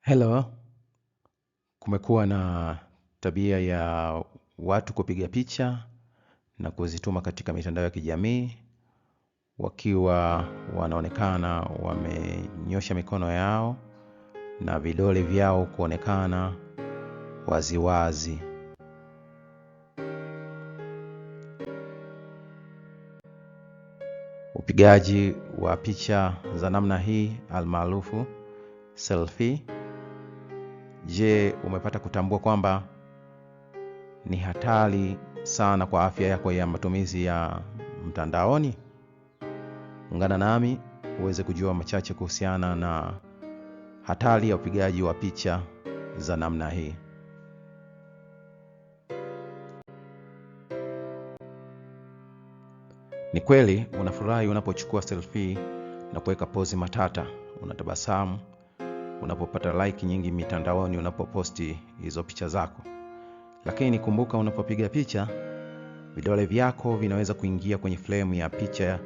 Hello. Kumekuwa na tabia ya watu kupiga picha na kuzituma katika mitandao ya kijamii wakiwa wanaonekana wamenyosha mikono yao na vidole vyao kuonekana waziwazi wazi. Upigaji wa picha za namna hii almaarufu selfie. Je, umepata kutambua kwamba ni hatari sana kwa afya yako ya matumizi ya mtandaoni? Ungana nami uweze kujua machache kuhusiana na hatari ya upigaji wa picha za namna hii. Ni kweli unafurahi unapochukua selfie na kuweka pozi matata, unatabasamu unapopata like nyingi mitandaoni unapoposti hizo picha zako, lakini kumbuka, unapopiga picha vidole vyako vinaweza kuingia kwenye fremu ya picha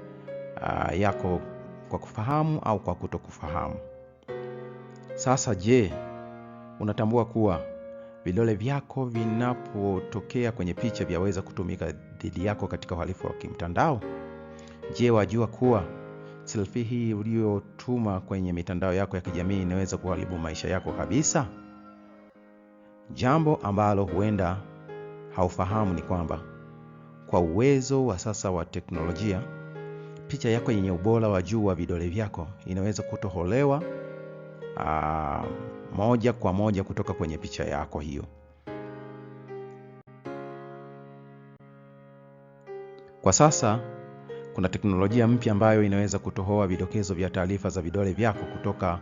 Uh, yako kwa kufahamu au kwa kutokufahamu. Sasa je, unatambua kuwa vidole vyako vinapotokea kwenye picha vyaweza kutumika dhidi yako katika uhalifu wa kimtandao? Je, wajua kuwa selfi hii uliotuma kwenye mitandao yako ya kijamii inaweza kuharibu maisha yako kabisa? Jambo ambalo huenda haufahamu ni kwamba kwa uwezo wa sasa wa teknolojia picha yako yenye ubora wa juu wa vidole vyako inaweza kutoholewa aa, ah, moja kwa moja kutoka kwenye picha yako hiyo. Kwa sasa kuna teknolojia mpya ambayo inaweza kutohoa vidokezo vya taarifa za vidole vyako kutoka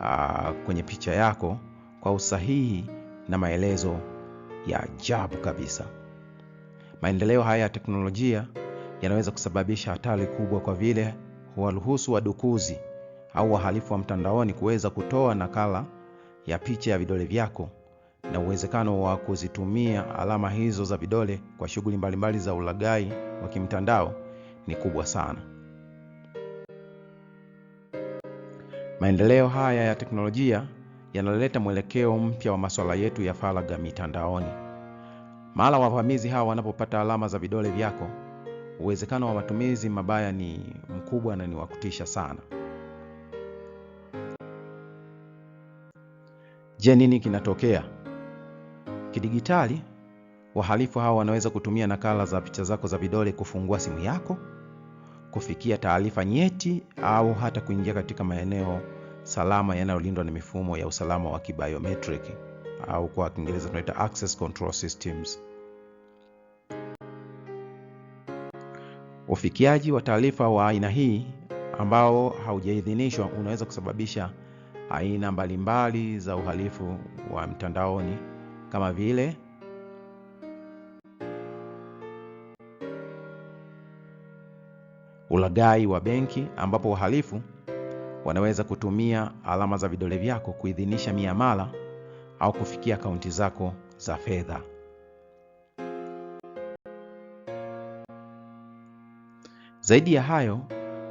aa, ah, kwenye picha yako kwa usahihi na maelezo ya ajabu kabisa. Maendeleo haya ya teknolojia yanaweza kusababisha hatari kubwa kwa vile huwaruhusu wadukuzi au wahalifu wa mtandaoni kuweza kutoa nakala ya picha ya vidole vyako na uwezekano wa kuzitumia alama hizo za vidole kwa shughuli mbalimbali za ulagai wa kimtandao ni kubwa sana. Maendeleo haya ya teknolojia yanaleta mwelekeo mpya wa masuala yetu ya faragha mitandaoni. Mara wavamizi hawa wanapopata alama za vidole vyako uwezekano wa matumizi mabaya ni mkubwa na ni wa kutisha sana. Je, nini kinatokea kidigitali? Wahalifu hawa wanaweza kutumia nakala za picha zako za vidole kufungua simu yako, kufikia taarifa nyeti, au hata kuingia katika maeneo salama yanayolindwa na mifumo ya usalama wa kibiometric au kwa Kiingereza tunaita access control systems. Ufikiaji wa taarifa wa aina hii ambao haujaidhinishwa unaweza kusababisha aina mbalimbali za uhalifu wa mtandaoni kama vile ulagai wa benki, ambapo wahalifu wanaweza kutumia alama za vidole vyako kuidhinisha miamala au kufikia akaunti zako za fedha. Zaidi ya hayo,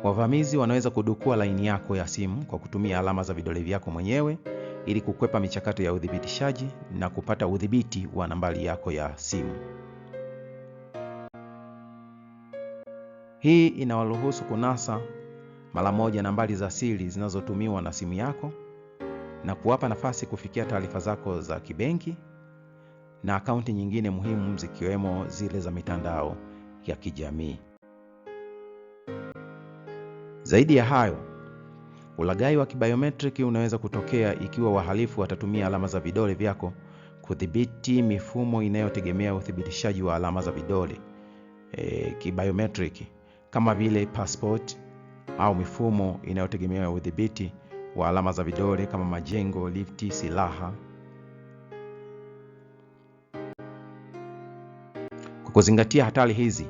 wavamizi wanaweza kudukua laini yako ya simu kwa kutumia alama za vidole vyako mwenyewe ili kukwepa michakato ya uthibitishaji na kupata udhibiti wa nambari yako ya simu. Hii inawaruhusu kunasa mara moja nambari za siri zinazotumiwa na simu yako na kuwapa nafasi kufikia taarifa zako za kibenki na akaunti nyingine muhimu zikiwemo zile za mitandao ya kijamii. Zaidi ya hayo, ulagai wa kibayometriki unaweza kutokea ikiwa wahalifu watatumia alama za vidole vyako kudhibiti mifumo inayotegemea uthibitishaji wa alama za vidole e, kibayometriki kama vile passport au mifumo inayotegemea udhibiti wa alama za vidole kama majengo, lifti, silaha. Kwa kuzingatia hatari hizi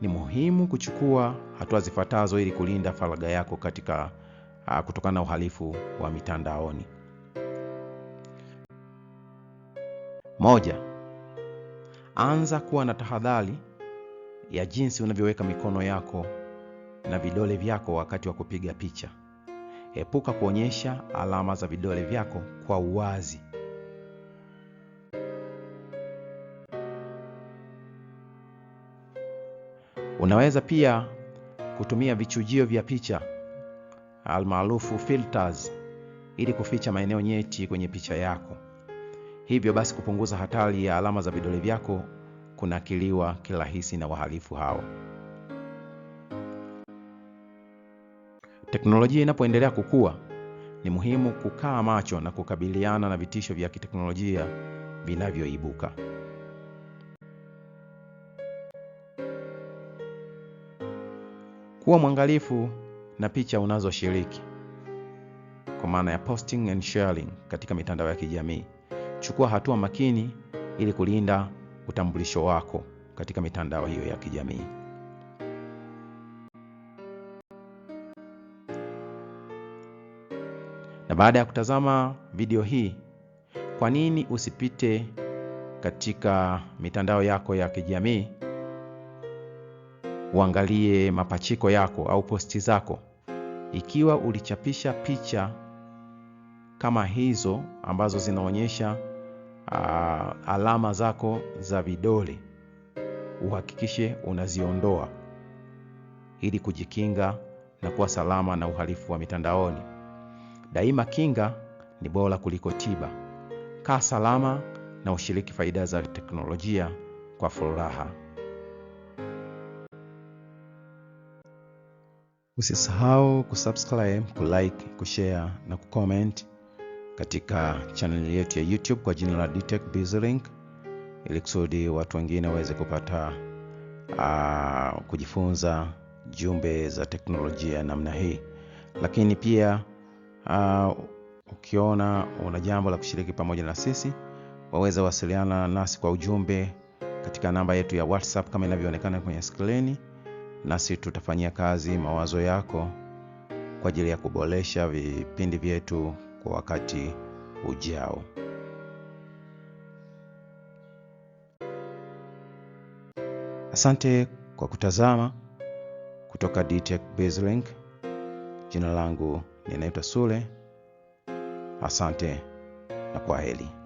ni muhimu kuchukua hatua zifuatazo ili kulinda faragha yako katika uh, kutokana na uhalifu wa mitandaoni. Moja, anza kuwa na tahadhari ya jinsi unavyoweka mikono yako na vidole vyako wakati wa kupiga picha. Epuka kuonyesha alama za vidole vyako kwa uwazi Unaweza pia kutumia vichujio vya picha almaarufu filters ili kuficha maeneo nyeti kwenye picha yako, hivyo basi kupunguza hatari ya alama za vidole vyako kunakiliwa kirahisi na wahalifu hao. Teknolojia inapoendelea kukua, ni muhimu kukaa macho na kukabiliana na vitisho vya kiteknolojia vinavyoibuka. Kuwa mwangalifu na picha unazoshiriki kwa maana ya posting and sharing katika mitandao ya kijamii. Chukua hatua makini ili kulinda utambulisho wako katika mitandao hiyo ya kijamii. Na baada ya kutazama video hii, kwa nini usipite katika mitandao yako ya kijamii Uangalie mapachiko yako au posti zako. Ikiwa ulichapisha picha kama hizo ambazo zinaonyesha uh, alama zako za vidole, uhakikishe unaziondoa ili kujikinga na kuwa salama na uhalifu wa mitandaoni. Daima kinga ni bora kuliko tiba. Kaa salama na ushiriki faida za teknolojia kwa furaha. Usisahau kusubscribe, kulike, kushare na kucomment katika channel yetu ya YouTube kwa jina la DTech BizLink ili kusudi watu wengine waweze kupata uh, kujifunza jumbe za teknolojia namna hii. Lakini pia uh, ukiona una jambo la kushiriki pamoja na sisi, waweza wasiliana nasi kwa ujumbe katika namba yetu ya WhatsApp kama inavyoonekana kwenye skrini nasi tutafanyia kazi mawazo yako kwa ajili ya kuboresha vipindi vyetu kwa wakati ujao. Asante kwa kutazama kutoka DTech Jina langu ninaitwa Sule. Asante na heli